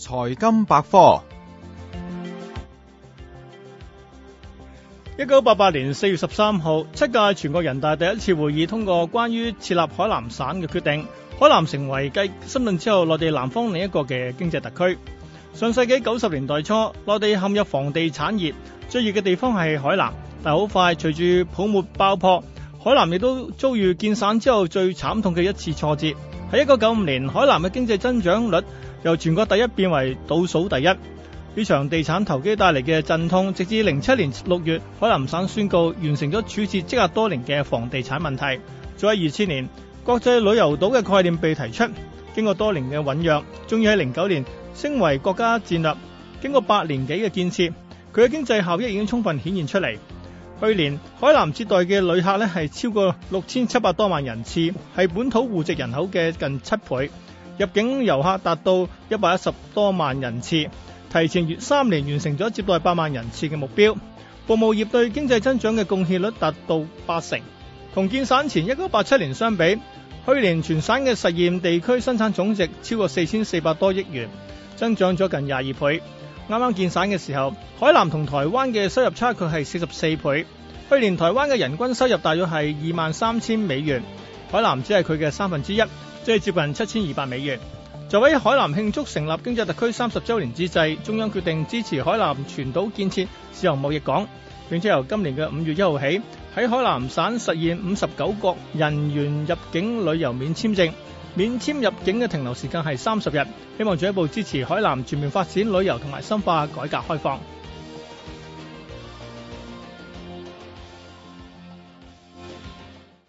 財金百科。一九八八年四月十三號，七屆全國人大第一次會議通過關於設立海南省嘅決定，海南成為繼深圳之後內地南方另一個嘅經濟特區。上世紀九十年代初，內地陷入房地產熱，最熱嘅地方係海南，但好快隨住泡沫爆破，海南亦都遭遇建省之後最慘痛嘅一次挫折。喺一九九五年，海南嘅經濟增長率由全國第一變為倒數第一。呢場地產投機帶嚟嘅陣痛，直至零七年六月，海南省宣告完成咗處置積壓多年嘅房地產問題。再喺二千年，國際旅遊島嘅概念被提出，經過多年嘅醖釀，終於喺零九年升為國家戰略。經過八年幾嘅建設，佢嘅經濟效益已經充分顯現出嚟。去年海南接待嘅旅客咧，係超過六千七百多萬人次，係本土戶籍人口嘅近七倍。入境遊客達到一百一十多萬人次，提前咗三年完成咗接待百萬人次嘅目標。服務業對經濟增長嘅貢獻率達到八成，同建省前一九八七年相比，去年全省嘅實驗地區生產總值超過四千四百多億元，增長咗近廿二倍。啱啱建省嘅時候，海南同台灣嘅收入差距係四十四倍。去年台灣嘅人均收入大約係二萬三千美元，海南只係佢嘅三分之一，即係接近七千二百美元。就喺海南慶祝成立經濟特區三十週年之際，中央決定支持海南全島建設自由貿易港。並且由今年嘅五月一號起，喺海南省實現五十九國人員入境旅遊免簽證、免簽入境嘅停留時間係三十日。希望進一步支持海南全面發展旅遊同埋深化改革開放。